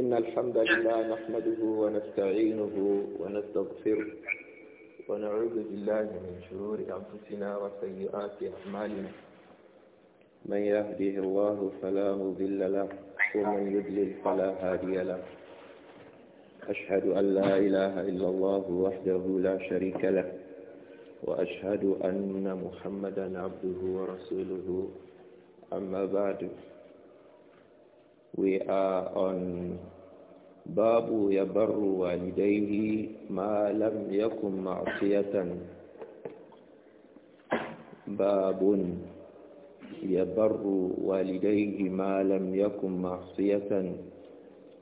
إن الحمد لله نحمده ونستعينه ونستغفره ونعوذ بالله من شرور أنفسنا وسيئات أعمالنا من يهده الله فلا مضل له ومن يضلل فلا هادي له أشهد أن لا إله إلا الله وحده لا شريك له وأشهد أن محمدا عبده ورسوله أما بعد We are on باب يبر والديه ما لم يكن معصية باب يبر والديه ما لم يكن معصية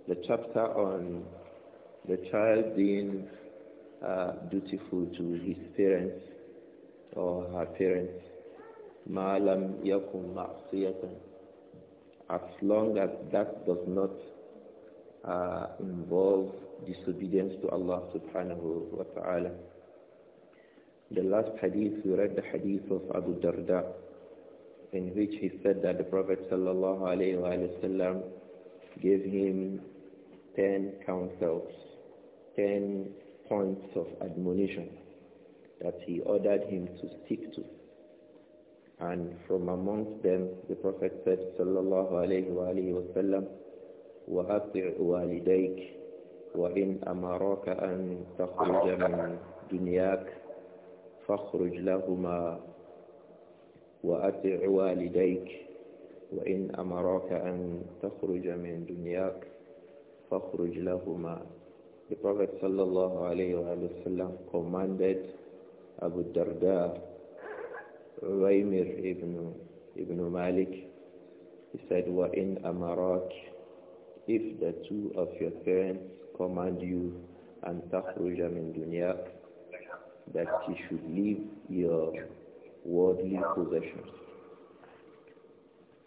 The chapter on the child being uh, dutiful to his parents or her parents ما لم يكن معصية as long as that does not uh, involve disobedience to Allah subhanahu wa ta'ala. The last hadith, we read the hadith of Abu Darda, in which he said that the Prophet sallallahu alayhi wa sallam gave him ten counsels, ten points of admonition that he ordered him to stick to and from amongst them, the Prophet said, Sallallahu alayhi wa alayhi wa sallam, وَأَطِعْ وَالِدَيْكِ وَإِنْ أَمَرَكَ أَن تَخْرُجَ مِنْ دُنْيَاكَ فَاخْرُجْ لَهُمَا وأطع والديك وإن أمرك أن تخرج من دنياك فاخرج لهما The Prophet sallallahu alayhi wa sallam commanded Abu Darda Raymir ibn, ibn Malik, he said, وَإِنْ أَمَرَاكِ If the two of your parents command you and تَخْرُجَ مِنْ dunya, that you should leave your worldly possessions.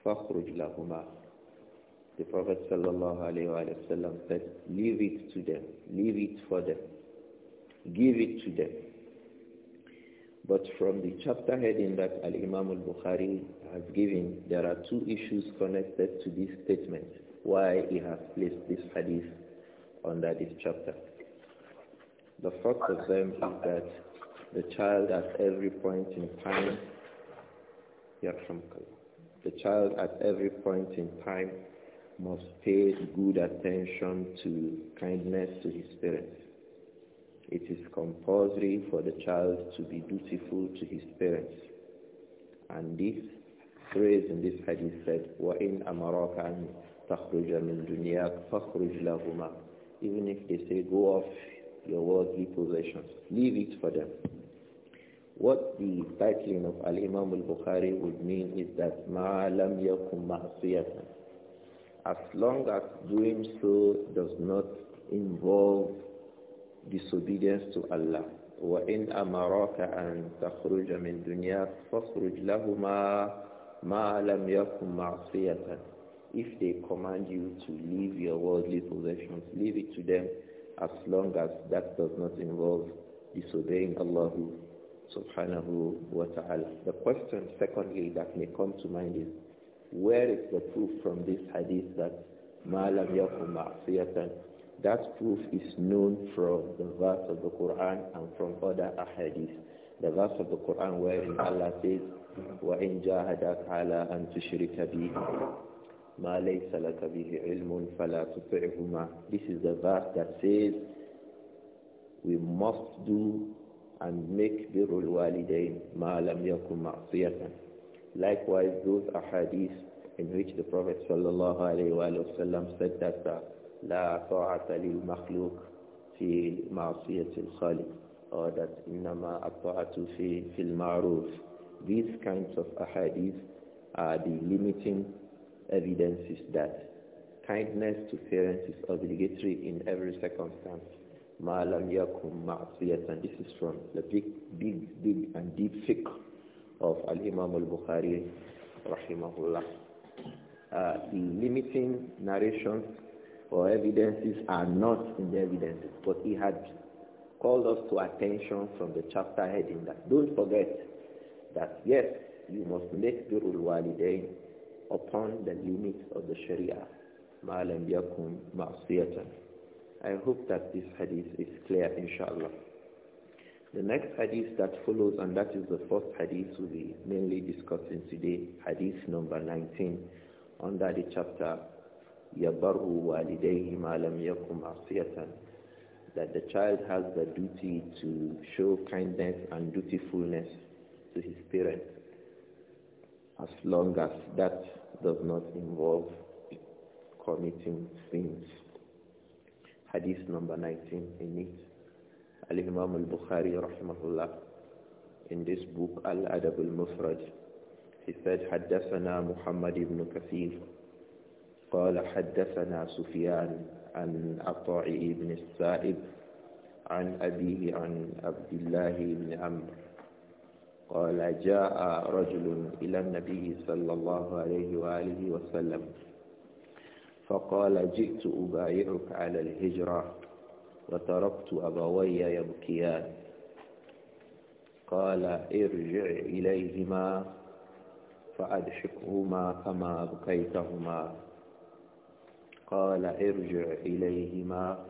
فَخْرُجْ لَهُمَا The Prophet ﷺ said, leave it to them, leave it for them, give it to them. But from the chapter heading that Al-Imam al-Bukhari has given, there are two issues connected to this statement, why he has placed this hadith under this chapter. The first of them is that the child at every point in time, the child at every point in time must pay good attention to kindness to his parents it is compulsory for the child to be dutiful to his parents. And this phrase in this hadith said, وَإِنْ أَمَرَكَ أَنْ تَخْرُجَ مِنْ دُنْيَاكَ فَخْرُجْ لَهُمَا Even if they say, go off your worldly possessions, leave it for them. What the titling of Al-Imam al-Bukhari would mean is that مَا لَمْ يَكُمْ مَعْصِيَةً As long as doing so does not involve disobedience to Allah. وَإِنْ أَمَرَاكَ أَنْ تَخْرُجَ مِنْ لَهُمَا مَا لَمْ مَعْصِيَةً If they command you to leave your worldly possessions, leave it to them as long as that does not involve disobeying Allah subhanahu wa ta'ala. The question secondly that may come to mind is, where is the proof from this hadith that مَا لَمْ يَكُنْ مَعْصِيَةً that proof is known from the verse of the Quran and from other ahadith. The verse of the Quran wherein Allah says, وَإِن جَاهَدَكَ عَلَىٰ أَن تُشْرِكَ بِهِ مَا لَيْسَ لَكَ بِهِ عِلْمٌ فَلَا تُطِعْهُمَا This is the verse that says, we must do and make birrul walidain ma lam yakun ma'siyatan. Likewise, those ahadith in which the Prophet ﷺ said that لا طاعة للمخلوق في معصية الخالق or that إنما الطاعة في, في المعروف these kinds of ahadith are the limiting evidences that kindness to parents is obligatory in every circumstance. Ma lam yakum This is from the big, big, big and deep fiqh of Al-Imam al-Bukhari, rahimahullah. Uh, the limiting narrations or evidences are not in the evidences, but he had called us to attention from the chapter heading that don't forget that yes, you must make the walidain upon the limits of the Sharia. Ma'alam yakum ma'asiyatan. I hope that this hadith is clear, inshallah. The next hadith that follows, and that is the first hadith we'll be mainly discussing today, hadith number 19, under the chapter وَالِدَيْهِ مَا لَمْ That the child has the duty to show kindness and dutifulness to his parents as long as that does not involve committing sins. Hadith number 19 in it. Al-Imam al-Bukhari rahimahullah in this book Al-Adab al-Mufrad he said حدثنا محمد Ibn كثير قال حدثنا سفيان عن عطاء بن السائب عن أبيه عن عبد الله بن عمرو قال جاء رجل إلى النبي صلى الله عليه وآله وسلم فقال جئت أبايعك على الهجرة وتركت أبوي يبكيان قال ارجع إليهما فأدحكهما كما بكيتهما قال ارجع إليهما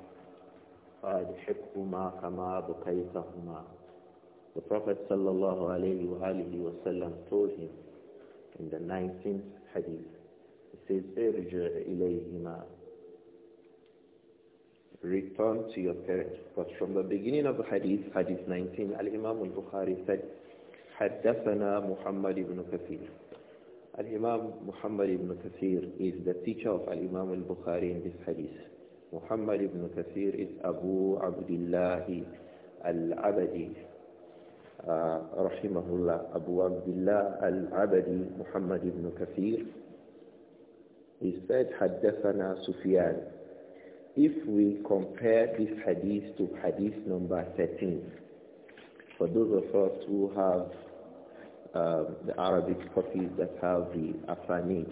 فأدحكهما كما بقيتهما The Prophet صلى الله عليه وآله وسلم told him in the 19th hadith, he says, ارجع إليهما Return to your parents. But from the beginning of the hadith, hadith 19, Al-Imam al-Bukhari said, حدثنا محمد بن كثير Al-Imam Muhammad ibn is the teacher of Al-Imam al-Bukhari in this hadith. Muhammad ibn كثير is Abu عبد al-Abadi. Uh, rahimahullah Abu عبد al-Abadi Muhammad ibn كثير is said, حدثنا Sufyan. If we compare this hadith to hadith number 13, for those of us who have Um, the Arabic copies that have the Afanid.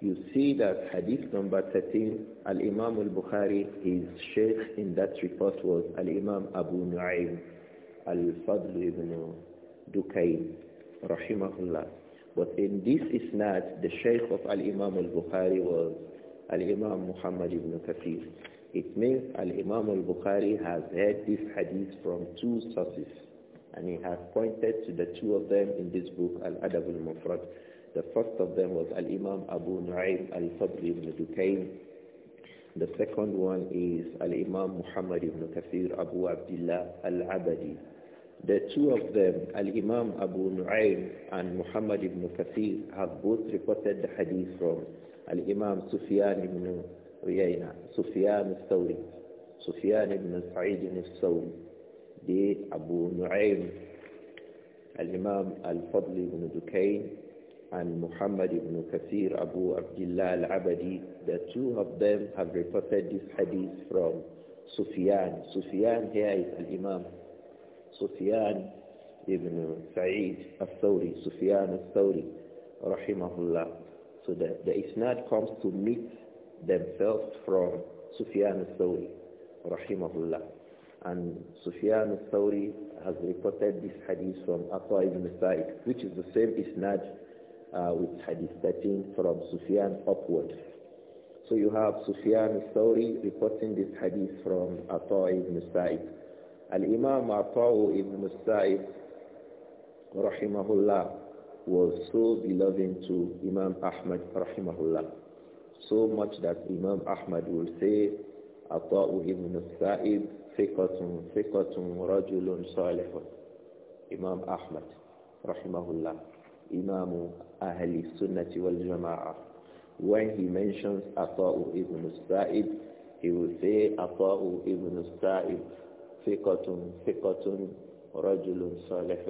You see that hadith number 13, Al-Imam al-Bukhari, his sheikh in that report was Al-Imam Abu Nu'aym al-Fadl ibn Dukayn, rahimahullah. But in this isnad, the sheikh of Al-Imam al-Bukhari was Al-Imam Muhammad ibn Kathir. It means Al-Imam al-Bukhari has heard this hadith from two sources. And he has pointed to the two of them in this book, Al-Adab al-Mufrad. The first of them was Al-Imam Abu Nu'aym al-Fadl ibn Dukayn. The second one is Al-Imam Muhammad ibn Kathir Abu Abdullah al-Abadi. The two of them, Al-Imam Abu Nu'aym and Muhammad ibn Kathir, have both reported the hadith from Al-Imam Sufyan ibn Uyayna, Sufyan al-Thawri, Sufyan ibn Sa'id al-Thawri. دي أبو نعيم al الفضل ibn دكين and Muhammad ibn Kathir Abu Abdillah al-Abadi, the two of them have reported this hadith from Sufyan. Sufyan here is al-Imam. Sufyan ibn Sa'id al-Thawri, Sufyan al-Thawri, rahimahullah. So the, the isnad comes to meet themselves from Sufyan al-Thawri, rahimahullah. And Sufyan al-Thawri has reported this hadith from Atwa ibn Sa'id, which is the same isnad uh, with hadith 13 from Sufyan upward. So you have Sufyan al-Thawri reporting this hadith from Atwa ibn Sa'id. Al-Imam Atwa ibn Sa'id, rahimahullah, was so beloved to Imam Ahmad, rahimahullah. So much that Imam Ahmad will say, Atwa ibn Sa'id ثقة ثقة رجل صالح إمام أحمد رحمه الله إمام أهل السنة والجماعة when he mentions Ata'u ibn Sa'id he will say Ata'u ibn Sa'id ثقة ثقة رجل صالح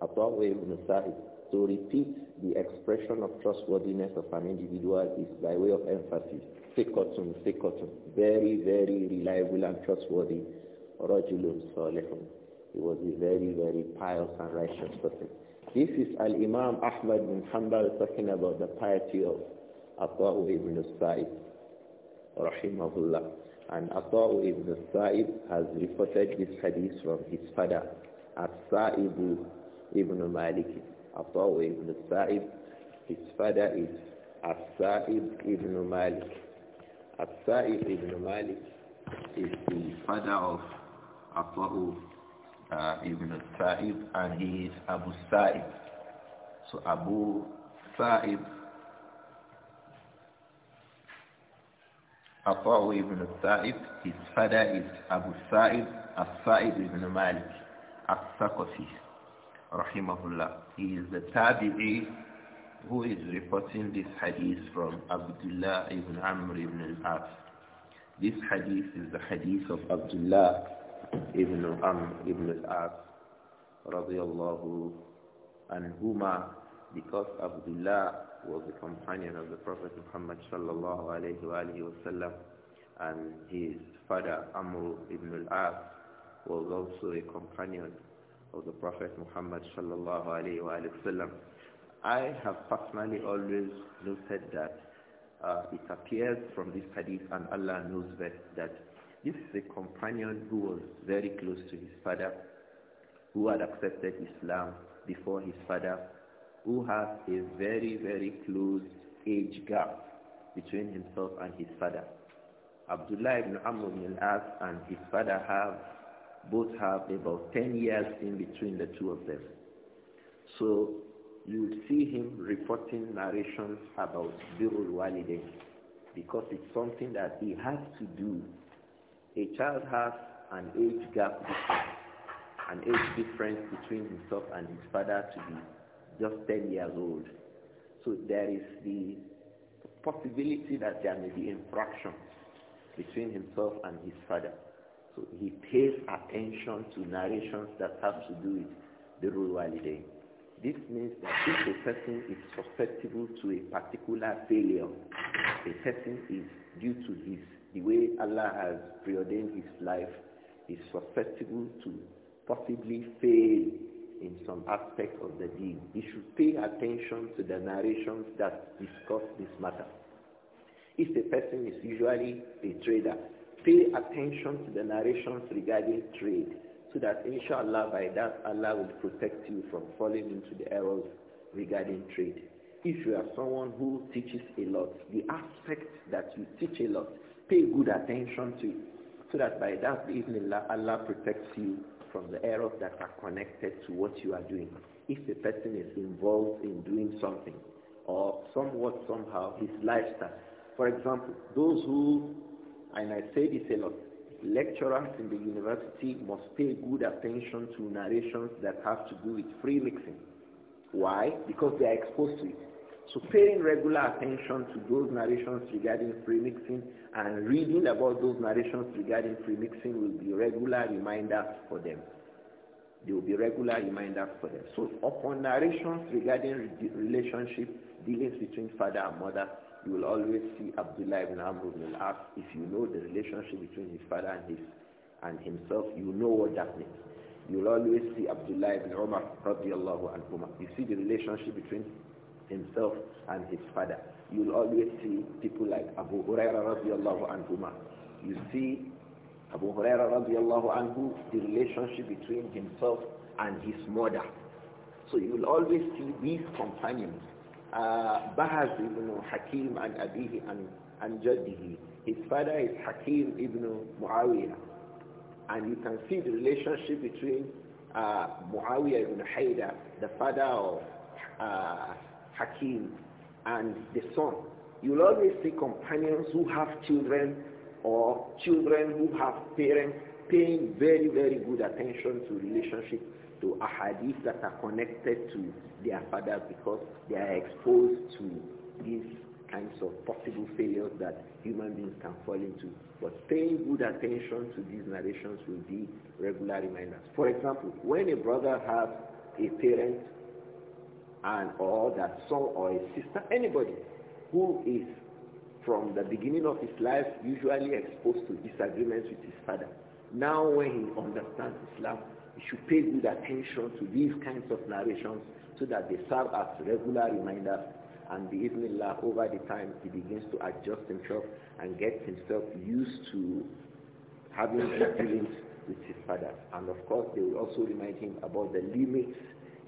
Ata'u ibn Sa'id to repeat the expression of trustworthiness of an individual is by way of emphasis Sikotun, Sikotun. Very, very reliable and trustworthy. Rajulun Salihun. He was a very, very pious and righteous person. This is Al-Imam Ahmad bin Hanbal talking about the piety of Ata'u ibn Sa'id. Rahimahullah. And Ata'u ibn Sa'id has reported this hadith from his father, as Sa'id ibn Malik. Ata'u ibn Sa'id, his father is as Sa'id ibn Malik. As-Sa'id ibn Malik is the father of Afahu uh, ibn Sa'id and he is Abu Sa'id. So Abu Sa'id Afahu ibn Sa'id his father is Abu Sa'id. as Sa'id ibn Malik, As-Saqafi, rahimahullah. He is the Tabi'i who is reporting this hadith from Abdullah ibn Amr ibn al-As. This hadith is the hadith of Abdullah ibn Amr ibn al-As radiyallahu anhuma because Abdullah was a companion of the Prophet Muhammad sallallahu alayhi wa alayhi wasallam and his father Amr ibn al-As was also a companion of the Prophet Muhammad sallallahu alayhi wa alayhi wasallam. I have personally always noted that uh, it appears from this hadith, and Allah knows best, that this is a companion who was very close to his father, who had accepted Islam before his father, who has a very, very close age gap between himself and his father. Abdullah ibn Amr ibn al-As and his father have both have about 10 years in between the two of them. So you will see him reporting narrations about Birul Walidain because it's something that he has to do. A child has an age gap, an age difference between himself and his father to be just 10 years old. So there is the possibility that there may be infraction between himself and his father. So he pays attention to narrations that have to do with the rule walidain. This means that if a person is susceptible to a particular failure, a person is, due to his, the way Allah has preordained his life, is susceptible to possibly fail in some aspect of the deed. You should pay attention to the narrations that discuss this matter. If the person is usually a trader, pay attention to the narrations regarding trade so that inshallah by that Allah will protect you from falling into the errors regarding trade. If you are someone who teaches a lot, the aspect that you teach a lot, pay good attention to it so that by that Allah, Allah protects you from the errors that are connected to what you are doing. If the person is involved in doing something or somewhat somehow his lifestyle. For example, those who, and I say this a lot, lecturers in the university must pay good attention to narrations that have to do with free mixing. Why? Because they are exposed to it. So paying regular attention to those narrations regarding free mixing and reading about those narrations regarding free mixing will be regular reminders for them. They will be regular reminders for them. So upon narrations regarding re relationship, dealings between father and mother, you will always see Abdullah ibn Amr ibn al-As. If you know the relationship between his father and his and himself, you know what that means. You'll always see Abdullah ibn Umar radiallahu anhuma. You see the relationship between himself and his father. You'll always see people like Abu Huraira radiallahu anhuma. You see Abu Huraira radiallahu anhu, the relationship between himself and his mother. So you'll always see these companions uh, Bahaz ibn Hakim and Abihi and, and Jaddihi. His father is Hakim ibn Muawiyah. And you can see the relationship between uh, Muawiyah ibn Haida, the father of uh, Hakim, and the son. You'll always see companions who have children or children who have parents paying very, very good attention to relationship to ahadith that are connected to their fathers because they are exposed to these kinds of possible failures that human beings can fall into. But paying good attention to these narrations will be regular reminders. For example, when a brother has a parent and or that son or a sister, anybody who is from the beginning of his life usually exposed to disagreements with his father. Now when he understands Islam, you should pay good attention to these kinds of narrations so that they serve as regular reminders and the Allah over the time he begins to adjust himself and get himself used to having dealings with his father. And of course they will also remind him about the limits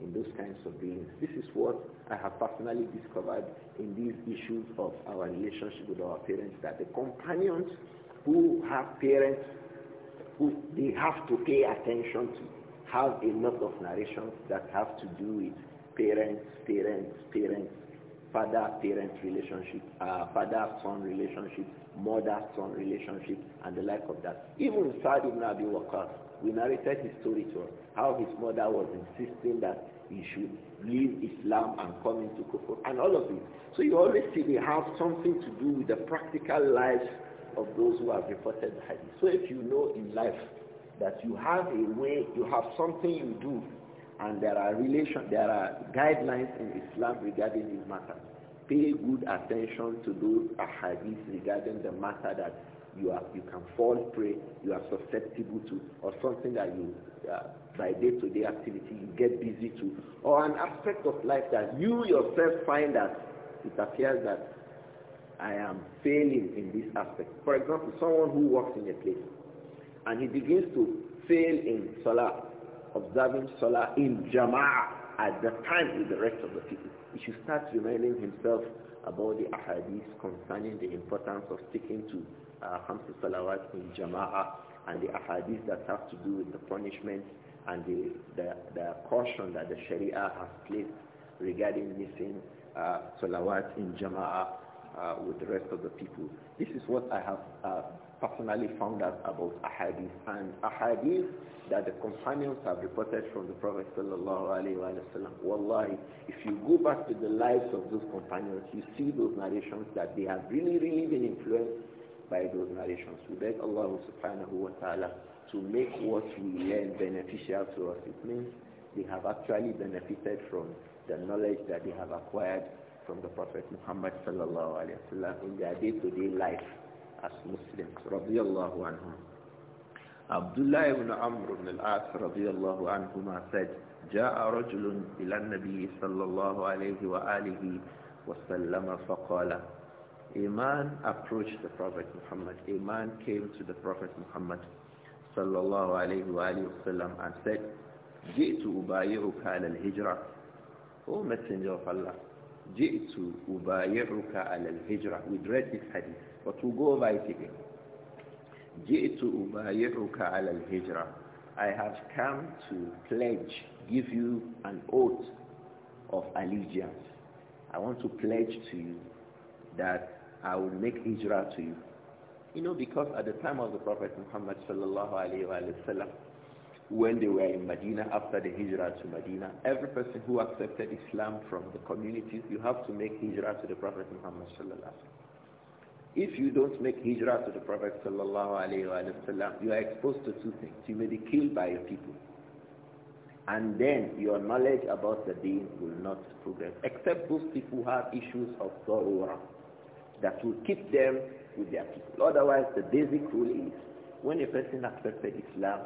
in those kinds of dealings. This is what I have personally discovered in these issues of our relationship with our parents, that the companions who have parents who they have to pay attention to have a lot of narrations that have to do with parents, parents, parents, father-parent relationship, uh, father-son relationship, mother-son relationship, and the like of that. Even Saad ibn Abi Waqqas, we narrated his story to us, how his mother was insisting that he should leave Islam and come into Kufr, and all of it. So you always see they have something to do with the practical life of those who have reported the hadith. So if you know in life that you have a way, you have something you do, and there are relation, there are guidelines in Islam regarding this matter. Pay good attention to those ahadith regarding the matter that you are, you can fall prey, you are susceptible to, or something that you, uh, by day-to-day -day activity, you get busy to, or an aspect of life that you yourself find that it appears that I am failing in this aspect. For example, someone who works in a place, and he begins to fail in salah, observing salah in jama'ah at the time with the rest of the people. He should start reminding himself about the ahadith concerning the importance of sticking to uh, salawat in jama'ah and the ahadith that have to do with the punishment and the, the, the caution that the sharia has placed regarding missing uh, salawat in jama'ah uh, with the rest of the people. This is what I have uh, personally found out about ahadith and ahadith that the companions have reported from the Prophet sallallahu alaihi wasallam. Wallahi, if you go back to the lives of those companions, you see those narrations that they have really, really been influenced by those narrations. We beg Allah subhanahu wa ta'ala to make what we learn beneficial to us. It means they have actually benefited from the knowledge that they have acquired from the Prophet Muhammad sallallahu alaihi wasallam in their day-to-day -day life. الصديق رضي الله عنهما عبد الله بن عمرو بن العاص رضي الله عنهما said جاء رجل إلى النبي صلى الله عليه وآله وسلم فقال إيمان man approached the Prophet Muhammad. إيمان came to the Prophet Muhammad صلى الله عليه وآله وسلم and said جئت أبايعك على الهجرة O Messenger of Allah جئت أبايعك على الهجرة We read this hadith But we'll go over it again. جئت أبايعك على الهجرة I have come to pledge, give you an oath of allegiance. I want to pledge to you that I will make hijrah to you. You know, because at the time of the Prophet Muhammad sallallahu alayhi wa when they were in Medina after the hijrah to Medina, every person who accepted Islam from the communities, you have to make hijrah to the Prophet Muhammad sallallahu alayhi wa if you don't make hijrah to the Prophet sallallahu you are exposed to two things. You may be killed by your people. And then your knowledge about the deen will not progress. Except those people who have issues of darura that will keep them with their people. Otherwise, the basic rule is when a person accepted Islam,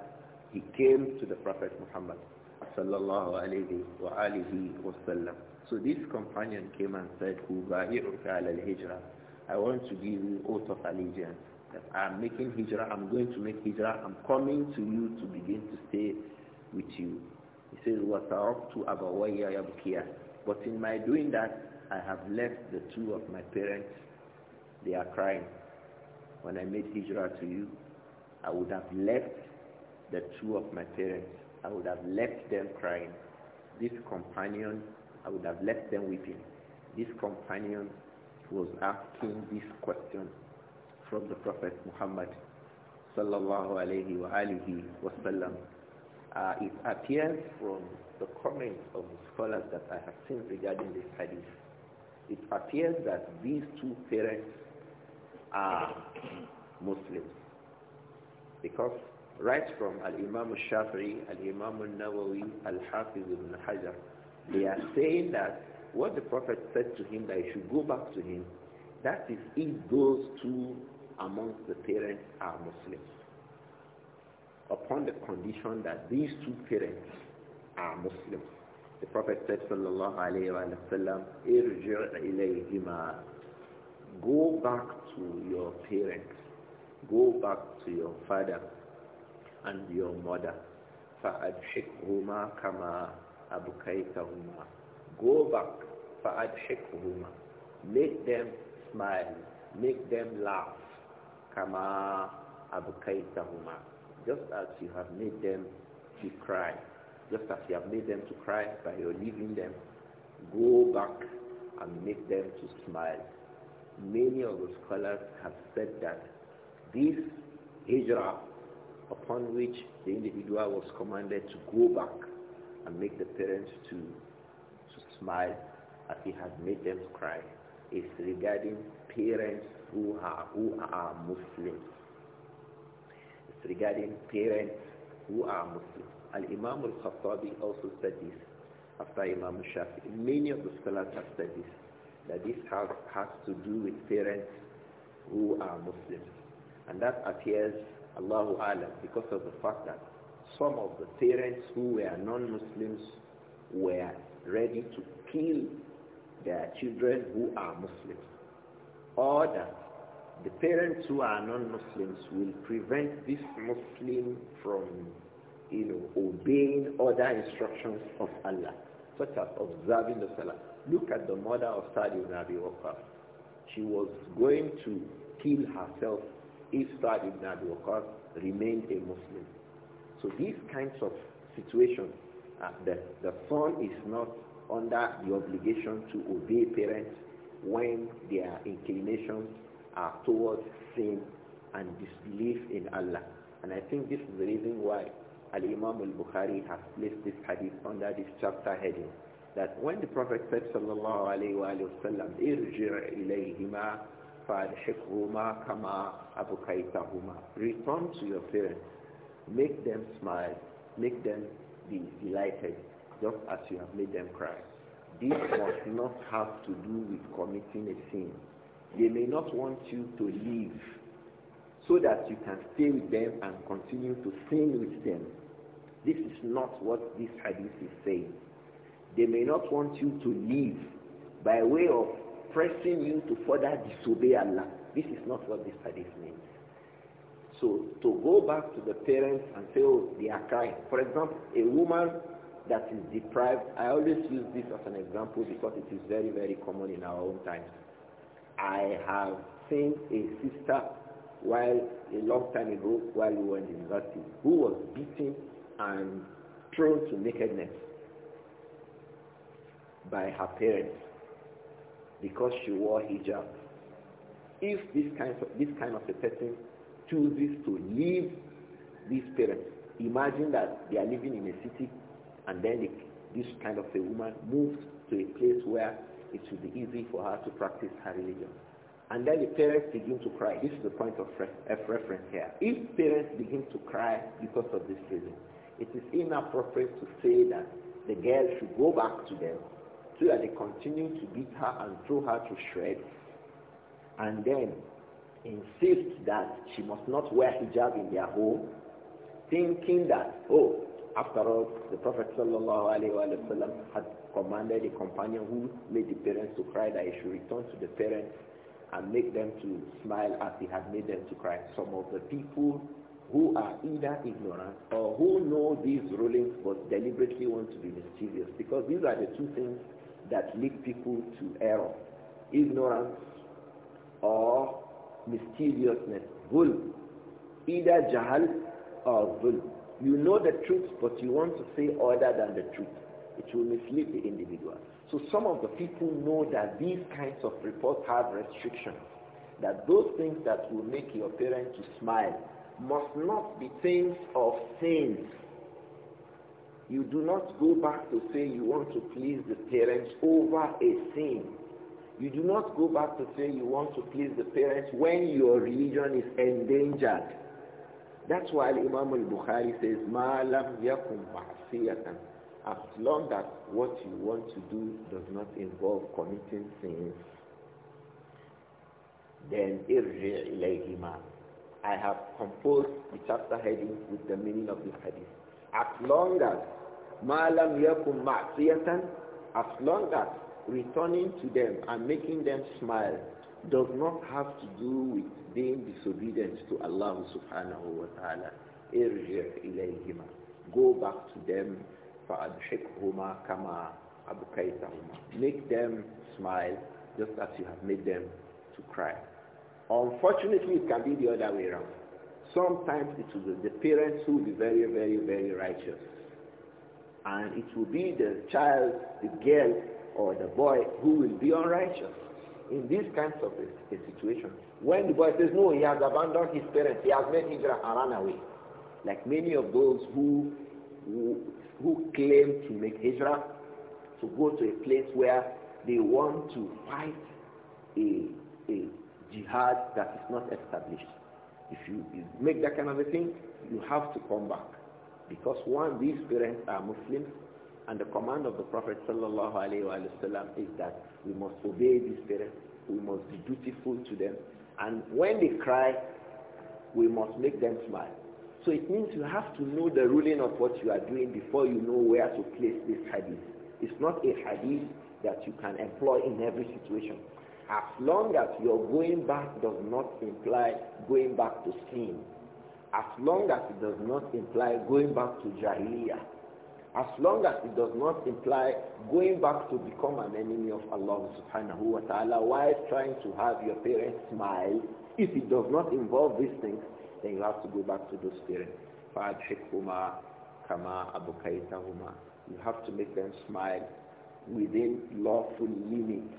he came to the Prophet Muhammad sallallahu alayhi wa alihi wa sallam. So this companion came and said, "Who ba'i'uka al-hijrah?" I want to give you oath of allegiance that I'm making hijrah, I'm going to make hijrah, I'm coming to you to begin to stay with you. He says, وَتَرَبْتُ أَبَوَيَّ يَبْكِيَ But in my doing that, I have left the two of my parents. They are crying. When I made hijrah to you, I would have left the two of my parents. I would have left them crying. This companion, I would have left them weeping. This companion, was asking this question from the Prophet Muhammad sallallahu alayhi wa alihi wasallam. Uh, it appears from the comments of the scholars that I have seen regarding this hadith. It appears that these two parents are Muslims. Because right from Al-Imam shafii Al-Imam nawawi Al-Hafiz ibn Hajar, they are saying that what the Prophet said to him that he should go back to him, that is if those two amongst the parents are Muslims. Upon the condition that these two parents are Muslims. The Prophet said, sallallahu alayhi wa sallam, ilayhima. Go back to your parents. Go back to your father and your mother. فَأَدْحِكْهُمَا كَمَا أَبْكَيْتَهُمَا Go back. فَأَدْحِكْهُمَا Make them smile. Make them laugh. kama كَمَا huma, Just as you have made them to cry. Just as you have made them to cry by your leaving them. Go back and make them to smile. Many of the scholars have said that this hijrah upon which the individual was commanded to go back and make the parents to smile as he has made them cry is regarding parents who are, who are Muslims. It's regarding parents who are Muslims. Al-Imam al-Khattabi also said this after Imam Shafi. Many of the scholars have said this, that this has, has to do with parents who are Muslims. And that appears, Allahu Alam, because of the fact that some of the parents who were non-Muslims were ready to kill their children who are Muslims or that the parents who are non-Muslims will prevent this Muslim from you know, obeying other instructions of Allah, such as observing the Salah. Look at the mother of Sadi ibn Abi Waqqas. She was going to kill herself if Sa'd ibn Abi Waqqas remained a Muslim. So these kinds of situations uh, the, the son is not under the obligation to obey parents when their inclinations are towards sin and disbelief in Allah. And I think this is the reason why Al-Imam al-Bukhari has placed this hadith under this chapter heading. That when the Prophet said, sallallahu alayhi wa sallam, irji' ilayhima fadhikhuma kama abukaytahuma. Return to your parents. Make them smile. Make them be delighted just as you have made them cry. This must not have to do with committing a sin. They may not want you to leave so that you can stay with them and continue to sin with them. This is not what this hadith is saying. They may not want you to leave by way of pressing you to further disobey Allah. This is not what this hadith means. So to go back to the parents and tell oh, they are crying. For example, a woman that is deprived, I always use this as an example because it is very, very common in our own times. I have seen a sister while a long time ago while we were in university who was beaten and thrown to nakedness by her parents because she wore hijab. If this kind of, this kind of a person chooses to leave these parents, imagine that they are living in a city and then they, this kind of a woman moves to a place where it should be easy for her to practice her religion. And then the parents begin to cry. This is the point of, reference here. If parents begin to cry because of this reason, it is inappropriate to say that the girl should go back to them so that they continue to beat her and throw her to shreds. And then insist that she must not wear hijab in their home, thinking that, oh, after all, the Prophet ﷺ had commanded a companion who made the parents to cry that he should return to the parents and make them to smile as he had made them to cry. Some of the people who are either ignorant or who know these rulings but deliberately want to be mischievous because these are the two things that lead people to error. Ignorance or mischievousness, zulm, either jahal or zulm. You know the truth, but you want to say other than the truth. It will mislead the individual. So some of the people know that these kinds of reports have restrictions, that those things that will make your parents to smile must not be things of sins. You do not go back to say you want to please the parents over a sin. You do not go back to say you want to please the parents when your religion is endangered. That's why Imam al-Bukhari says, مَا لَمْ يَكُمْ As long as what you want to do does not involve committing sins, then irji I have composed the chapter heading with the meaning of this hadith. As long as مَا لَمْ يَكُمْ As long as returning to them and making them smile does not have to do with being disobedient to Allah subhanahu wa ta'ala. Go back to them فَأَضْحِكْهُمَا كَمَا أَبْكَيْتَهُمَا Make them smile just as you have made them to cry. Unfortunately, it can be the other way around. Sometimes it will be the parents who will be very, very, very righteous. And it will be the child, the girl or the boy who will be unrighteous in these kinds of a, eh, situation. When the boy says, no, he has abandoned his parents, he has made hijrah and run away. Like many of those who, who, who claim to make hijrah, to go to a place where they want to fight a, a jihad that is not established. If you, you make that kind of a thing, you have to come back. Because one, these parents are Muslims and the command of the Prophet sallallahu is that we must obey these parents, we must be dutiful to them, and when they cry, we must make them smile. So it means you have to know the ruling of what you are doing before you know where to place this hadith. It's not a hadith that you can employ in every situation. As long as your going back does not imply going back to sin, as long as it does not imply going back to Jahiliyyah, as long as it does not imply going back to become an enemy of Allah subhanahu wa ta'ala while trying to have your parents smile, if it does not involve these things, then you have to go back to those parents. You have to make them smile within lawful limits.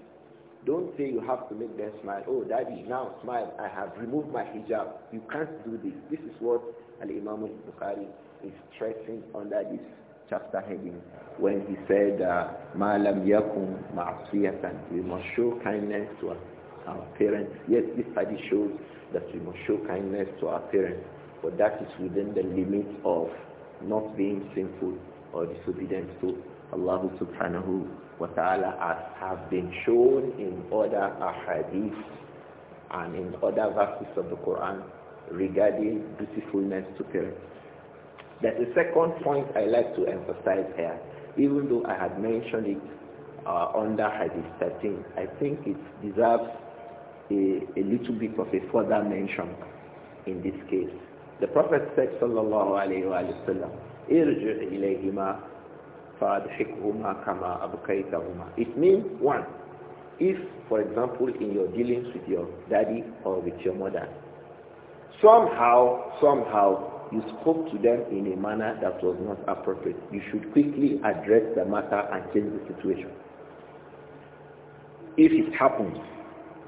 Don't say you have to make them smile. Oh, daddy, now smile. I have removed my hijab. You can't do this. This is what Al-Imam al-Bukhari is stressing under this chapter heading when he said, uh, "Malam yakum ma'asiyatan." We must show kindness to our parents. Yes, this study shows that we must show kindness to our parents, but that is within the limits of not being sinful or disobedient to Allah subhanahu wa ta'ala as have been shown in other ahadith and in other verses of the Quran regarding dutifulness to parents. That's the second point I like to emphasize here, even though I had mentioned it uh, under Hadith 13. I think it deserves a, a little bit of a further mention in this case. The Prophet said, sallallahu alayhi wasallam." sallam, irji' ilayhima fadhikhuma kama abkaytahuma. It means, one, if, for example, in your dealings with your daddy or with your mother, somehow, somehow, you spoke to them in a manner that was not appropriate. You should quickly address the matter and change the situation. If it happens,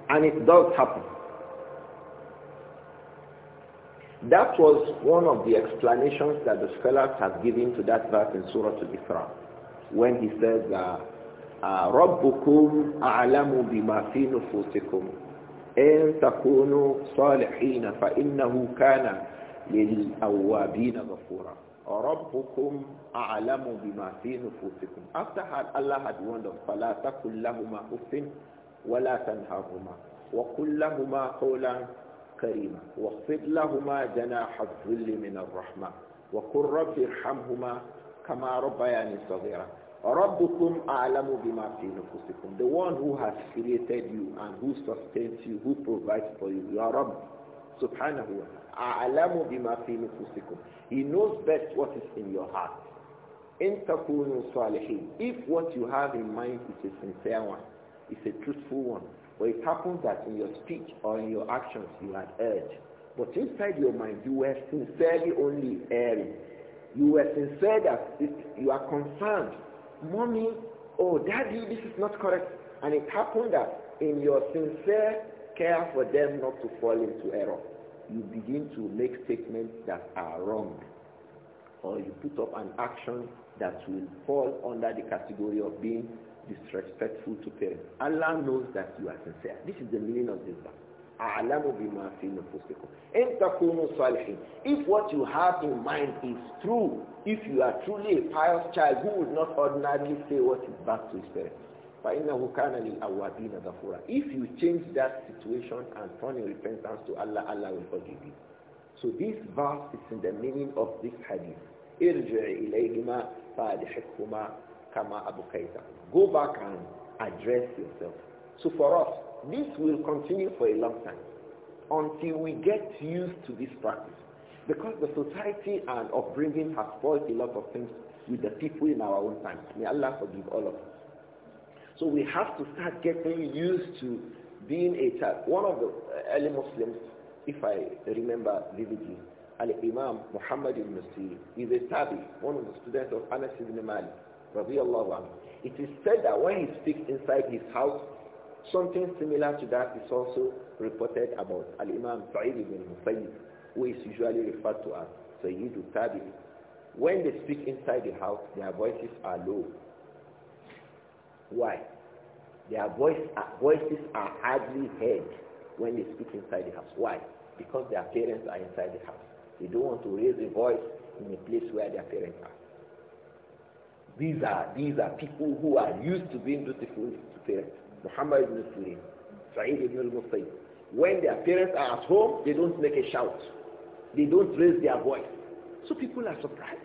and it does happen, that was one of the explanations that the scholars have given to that verse in Surah Al-Isra, when he says, رَبُّكُمْ أَعْلَمُ بِمَا فِي نُفُوسِكُمْ إِن تَكُونُوا للأوابين غفورا ربكم أعلم بما في نفوسكم after Allah had warned us فلا تقل لهما أف ولا تنهرهما وقل لهما قولا كريما واخفض لهما جناح الذل من الرحمة وقل رب ارحمهما كما ربياني صغيرا ربكم أعلم بما في نفوسكم the one who has created you and who sustains you who provides for you your رب subhanahu wa ta'ala. bima fi nufusikum. He knows best what is in your heart. In takunu salihin. If what you have in mind is a sincere one, is a truthful one, or it happens that in your speech or in your actions you had urged but inside your mind you were sincerely only erring. You were sincere that it, you are concerned. Mommy, oh daddy, this is not correct. And it happened that in your sincere care for them not to fall into error. You begin to make statements that are wrong. Or you put up an action that will fall under the category of being disrespectful to parents. Allah knows that you are sincere. This is the meaning of this verse. If what you have in mind is true, if you are truly a pious child who would not ordinarily say what is bad to his parents, فَإِنَّهُ كَانَ لِلْأَوَّابِينَ غَفُورًا If you change that situation and turn in repentance to Allah, Allah will forgive you. So this verse is in the meaning of this hadith. ارجع إليهما فادحكهما كما أبقيتا. Go back and address yourself. So for us, this will continue for a long time until we get used to this practice. Because the society and upbringing has spoiled a lot of things with the people in our own time. May Allah forgive all of us. So we have to start getting used to being a child. One of the early Muslims, if I remember vividly, Al-Imam Muhammad ibn Musli is a tabi, one of the students of Anas ibn Malik, It is said that when he speaks inside his house, something similar to that is also reported about Al-Imam Sa'id ibn Musayyib, who is usually referred to as Sayyid al-Tabi. When they speak inside the house, their voices are low. Why? Their voice, voices are hardly heard when they speak inside the house. Why? Because their parents are inside the house. They don't want to raise a voice in a place where their parents are. These are these are people who are used to being dutiful to parents. Muhammad ibn Sirin, Sa'id ibn al-Musayyib. When their parents are at home, they don't make a shout. They don't raise their voice. So people are surprised.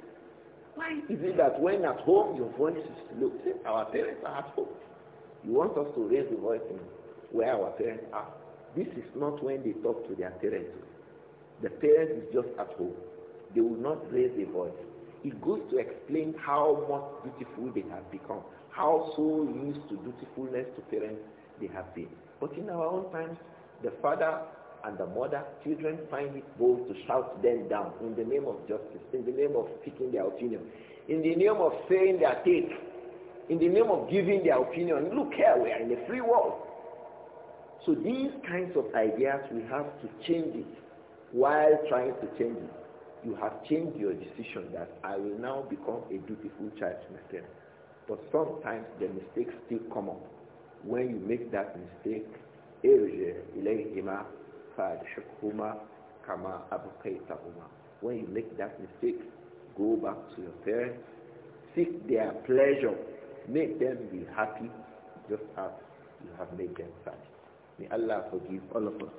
Why is it that when at home your voice is low? Our parents are at home. You want us to raise the voice in where our parents are. This is not when they talk to their parents. The parents is just at home. They will not raise a voice. It goes to explain how much dutiful they have become, how so used to dutifulness to parents they have been. But in our own times, the father and the mother, children find it bold to shout them down in the name of justice, in the name of speaking their opinion, in the name of saying their take in the name of giving their opinion. Look here, we are in a free world. So these kinds of ideas, we have to change it while trying to change it. You have changed your decision that I will now become a dutiful child myself. But sometimes the mistakes still come up. When you make that mistake, when you make that mistake, go back to your parents, seek their pleasure Make them be happy just as you have made them sad. May Allah forgive all of us.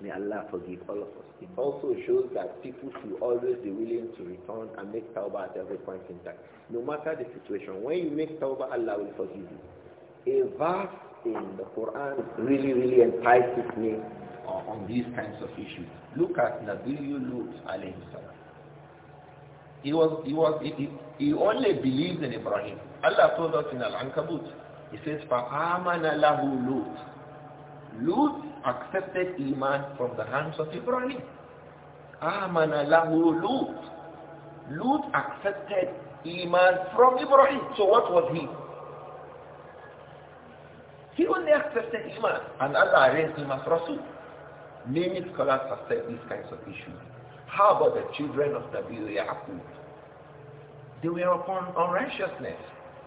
May Allah forgive all of us. It also shows that people should always be willing to return and make tawbah at every point in time. No matter the situation, when you make tawbah, Allah will forgive you. A verse in the Quran really, really entices me on these kinds of issues. Look at Nabiyu Lut alayhi salam. He was, he was, he, he, he only believes in Ibrahim. Allah told us in Al-Ankabut, He says, فَآمَنَ لَهُ لُوتٌ Lut accepted Iman from the hands of Ibrahim. آمَنَ لَهُ Lut Lut accepted Iman from Ibrahim. So what was he? He only accepted Iman and Allah raised him as Rasul. Many scholars have said these kinds of issues. How about the children of Nabi Yaqub? They were upon unrighteousness.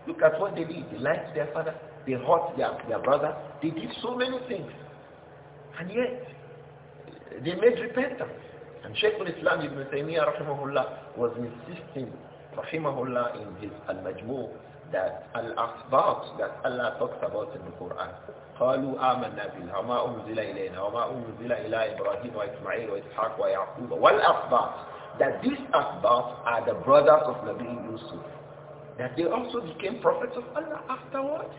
Look at what they did. They lied to their father. They hurt their, their brother. They did so many things. And yet, they made repentance. And Sheikh al-Islam Ibn Taymiyyah rahimahullah was insisting rahimahullah in his al-majmu' that al-asbat that Allah talks about in the Quran قالوا آمنا بالله وما أنزل إلينا وما أنزل إلى إبراهيم وإسماعيل وإسحاق ويعقوب والأصباط that these Asbab are the brothers of Nabi Yusuf, that they also became prophets of Allah afterwards.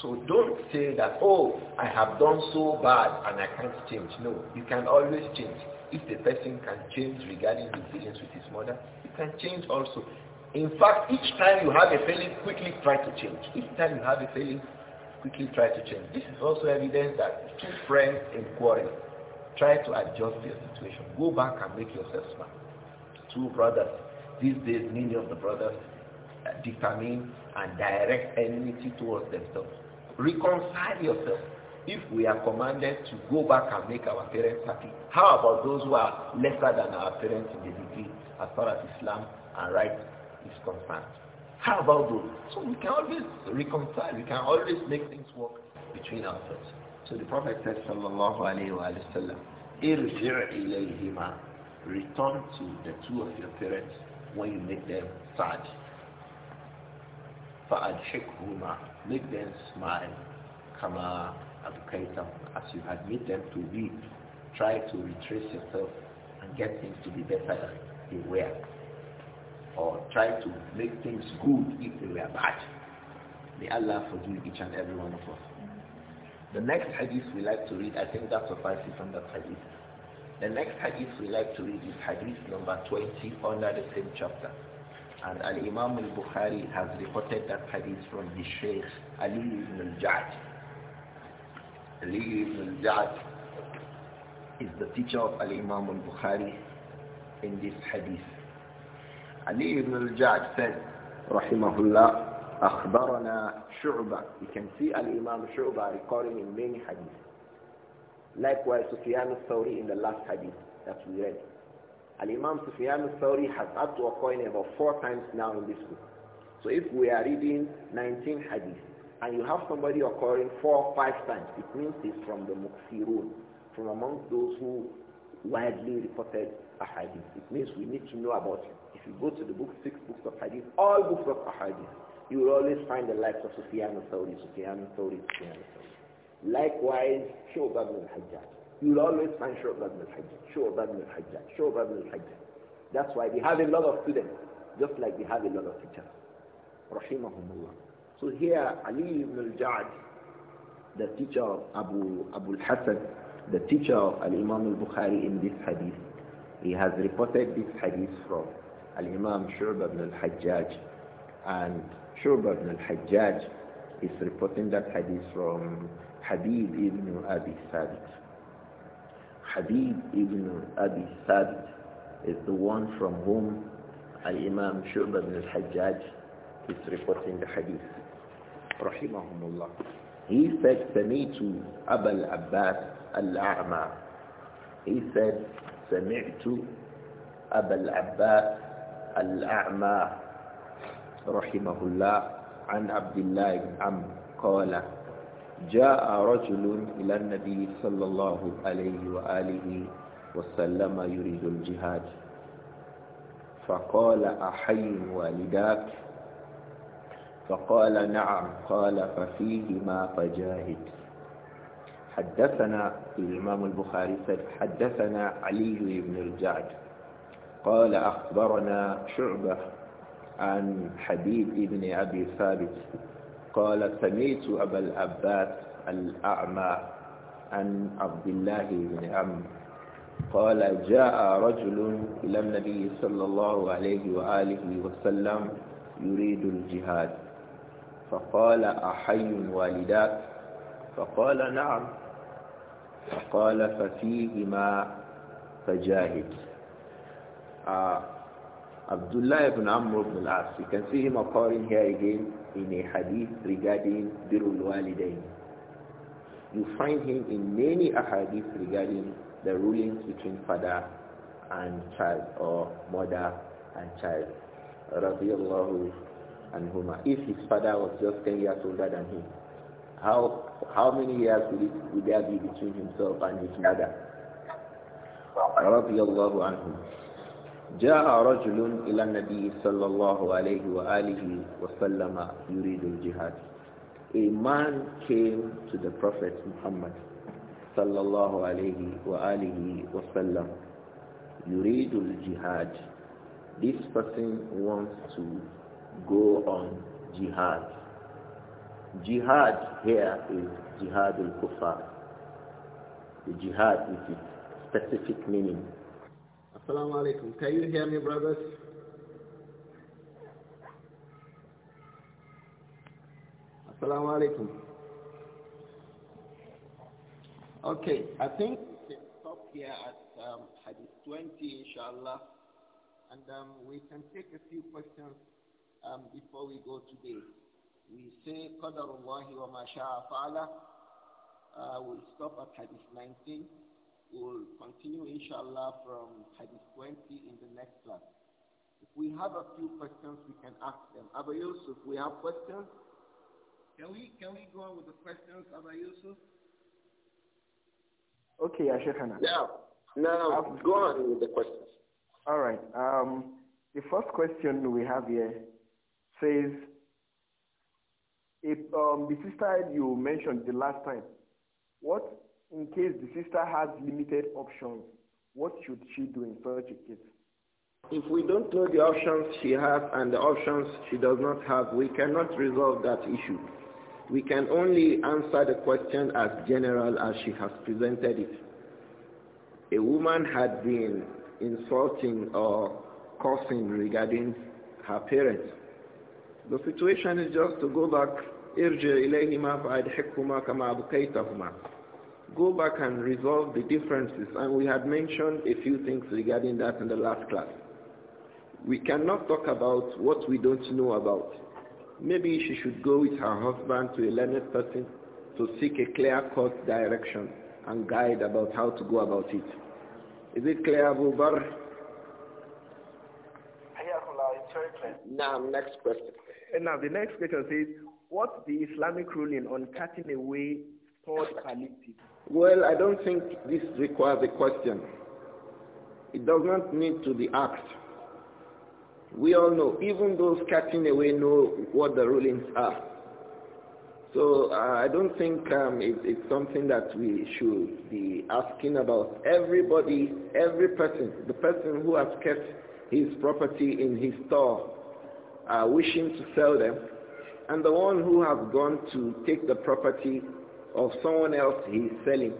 So don't say that, oh, I have done so bad and I can't change. No, you can always change. If the person can change regarding his relations with his mother, you can change also. In fact, each time you have a failing, quickly try to change. Each time you have a failing, quickly try to change. This is also evidence that two friends in quarrel Try to adjust your situation. Go back and make yourself smart. Two brothers. These days, many of the brothers uh, determine and direct enmity towards themselves. Reconcile yourself. If we are commanded to go back and make our parents happy, how about those who are lesser than our parents in the degree as far as Islam and right is concerned? How about those? So we can always reconcile. We can always make things work between ourselves. So the Prophet said, Sallallahu Alaihi Wasallam, Return to the two of your parents when you make them sad. فَأَدْحِكْهُمَا Make them smile. to them As you had made them to be. try to retrace yourself and get things to be better than they were. Or try to make things good if they were bad. May Allah forgive each and every one of us. The next hadith we like to read, I think that suffices on that hadith. The next hadith we like to read is hadith number 20 under the same chapter. And Al-Imam al-Bukhari has reported that hadith from his Shaykh Ali ibn al-Ja'd. Ali ibn al-Ja'd is the teacher of Al-Imam al-Bukhari in this hadith. Ali ibn al-Ja'd said, Rahimahullah, أخبرنا شعبة You can see Al-Imam Shu'ba recording in many hadith. Likewise Sufyan al-Thawri in the last hadith that we read. imam Sufyan thawri has up to coin about four times now in this book. So if we are reading 19 hadith and you have somebody occurring four or five times, it means he's from the Muqsirun, from among those who widely reported a hadith. It means we need to know about it. If you go to the book, six books of hadith, all books of hadith you will always find the likes of Sufyan al-Thawri, Sufyan al-Thawri, Sufyan al-Thawri. Likewise, Shu'bah ibn al-Hajjaj. You will always find Shu'bah ibn al-Hajjaj, Shu'bah ibn al-Hajjaj, Shu'bah ibn al-Hajjaj. That's why they have a lot of students, just like they have a lot of teachers. Rahimahumullah. So here, Ali ibn al-Ja'ad, the teacher of Abu, Abu al-Hasan, the teacher of Al-Imam al-Bukhari in this hadith, he has reported this hadith from Al-Imam Shu'bah ibn al-Hajjaj and Shubha ibn al-Hajjaj is reporting that hadith from Habib ibn Abi Thabit. Habib ibn Abi Thabit is the one from whom Al-Imam Shu'bah ibn al-Hajjaj is reporting the hadith. Rahimahumullah. He said, Sami'tu Aba al-Abbas al-A'ma. He said, Sami'tu Aba al-Abbas al-A'ma. رحمه الله عن عبد الله بن عمرو قال جاء رجل إلى النبي صلى الله عليه وآله وسلم يريد الجهاد فقال أحي والداك فقال نعم قال ففيهما فجاهد حدثنا الإمام البخاري حدثنا علي بن الجعد قال أخبرنا شعبة عن حبيب ابن أبي ثابت قال سمعت أبا العباس الأعمى عن عبد الله بن عم قال جاء رجل إلى النبي صلى الله عليه وآله وسلم يريد الجهاد فقال أحي والداك فقال نعم فقال ففيهما فجاهد آه. Abdullah ibn Amr ibn al-As. You can see him appearing here again in a hadith regarding Birul Walidain. You find him in many ahadith regarding the rulings between father and child or mother and child. Radiallahu anhuma. If his father was just 10 years older than him, how how many years would, it, would there be between himself and his mother? Radiallahu anhuma. جاء رجل إلى النبي صلى الله عليه وآله وسلم يريد الجهاد a man came to the Prophet Muhammad صلى الله عليه وآله وسلم, يريد الجهاد. this person wants to go on jihad jihad here is jihad al kufar the jihad is its specific meaning Assalamu alaikum. Can you hear me, brothers? Assalamu alaikum. Okay, I think we can stop here at um, Hadith 20, inshallah. And um, we can take a few questions um, before we go today. We say, Qadarullahi wa وَمَا uh, we'll stop at Hadith 19. We'll continue, inshallah, from Hadith 20 in the next class. If we have a few questions, we can ask them. Abba Yusuf, we have questions? Can we, can we go on with the questions, Abba Yusuf? Okay, yeah, Sheikhana. Yeah. Now, go on with the questions. All right. Um, the first question we have here says, if um, the sister you mentioned the last time, what in case the sister has limited options, what should she do in such a case? If we don't know the options she has and the options she does not have, we cannot resolve that issue. We can only answer the question as general as she has presented it. A woman had been insulting or cursing regarding her parents. The situation is just to go back, ارجع إليهما فأدحكهما كما أبقيتهما go back and resolve the differences. And we had mentioned a few things regarding that in the last class. We cannot talk about what we don't know about. Maybe she should go with her husband to a learned person to seek a clear-cut direction and guide about how to go about it. Is it clear, Abu Bar? Now, next question. now the next question says, what's the Islamic ruling on cutting away stored palliatives? Well, I don't think this requires a question. It does not need to be asked. We all know, even those catching away know what the rulings are. So uh, I don't think um, it, it's something that we should be asking about. Everybody, every person, the person who has kept his property in his store, uh, wishing to sell them, and the one who has gone to take the property of someone else he is selling,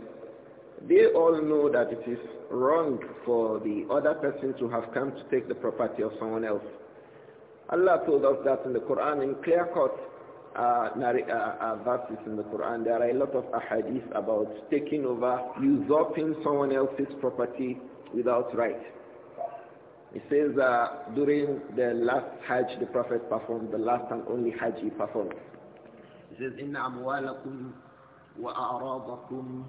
they all know that it is wrong for the other person to have come to take the property of someone else. Allah told us that in the Quran in clear-cut uh, uh, uh, verses in the Quran. There are a lot of ahadith about taking over, usurping someone else's property without right. It says uh, during the last Hajj the Prophet performed, the last and only Hajj he performed. He says, إِنَّ وأعراضكم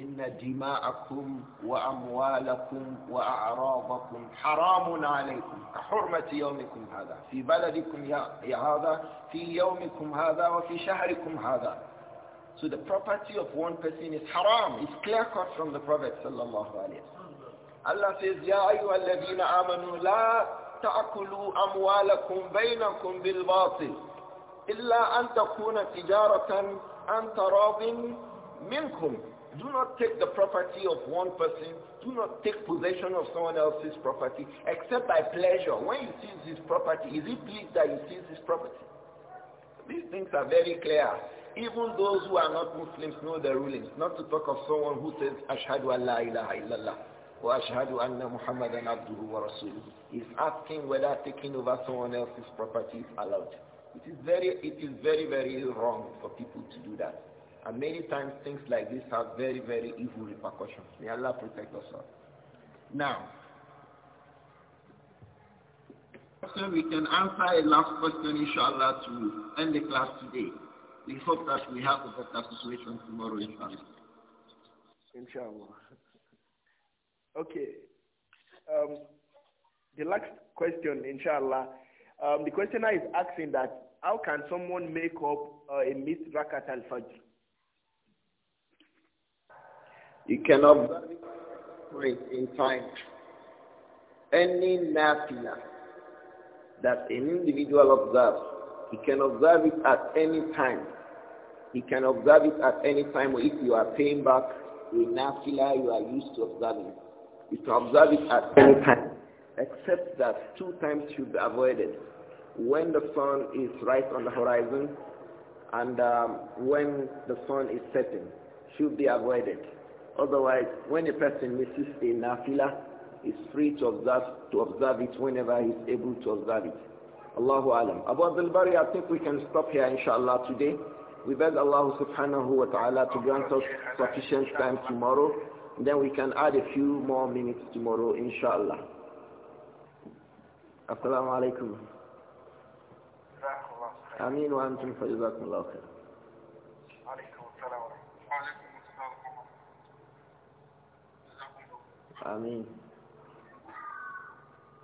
إن دماءكم وأموالكم وأعراضكم حرام عليكم كحرمة يومكم هذا في بلدكم يا هذا في يومكم هذا وفي شهركم هذا So the property of one person is haram. It's clear cut from the Prophet sallallahu alayhi wa Allah says, يا أيها الذين آمنوا لا تأكلوا أموالكم بينكم بالباطل إلا أن تكون تجارة أَنْتَ رَاضٍ مِنْكُمْ Do not take the property of one person. Do not take possession of someone else's property except by pleasure. When you seize his property, is it pleased that you seize his property? These things are very clear. Even those who are not Muslims know the rulings. Not to talk of someone who says, Ashhadu an la ilaha illallah. or Ashhadu وأشهد أن محمدا عبده ورسوله is asking whether taking over someone else's property is allowed. It is very, it is very, very wrong for people to do that. And many times things like this have very, very evil repercussions. May Allah protect us all. Now, so we can answer a last question, inshallah, to end the class today. We hope that we have a better situation tomorrow, inshallah. Inshallah. Okay. Um, the last question, inshallah. Um, the questioner is asking that how can someone make up uh, a myth, rakat al-fajr? You cannot wait in time. Any nafila that an individual observes, he can observe it at any time. He can observe it at any time if you are paying back a nafila you are used to observing. You can observe it at any time, except that two times should be avoided when the sun is right on the horizon and um, when the sun is setting should be avoided. Otherwise, when a person misses a nafila, is free to observe, to observe it whenever he is able to observe it. Allahu alam. Abu Abdul Bari, I think we can stop here inshallah today. We beg Allah subhanahu wa ta'ala to grant us sufficient time tomorrow. Then we can add a few more minutes tomorrow inshallah. Assalamu alaikum. امين وانتم فجزاكم الله خير عليكم السلام ورحمه الله وعليكم السلام ورحمه الله امين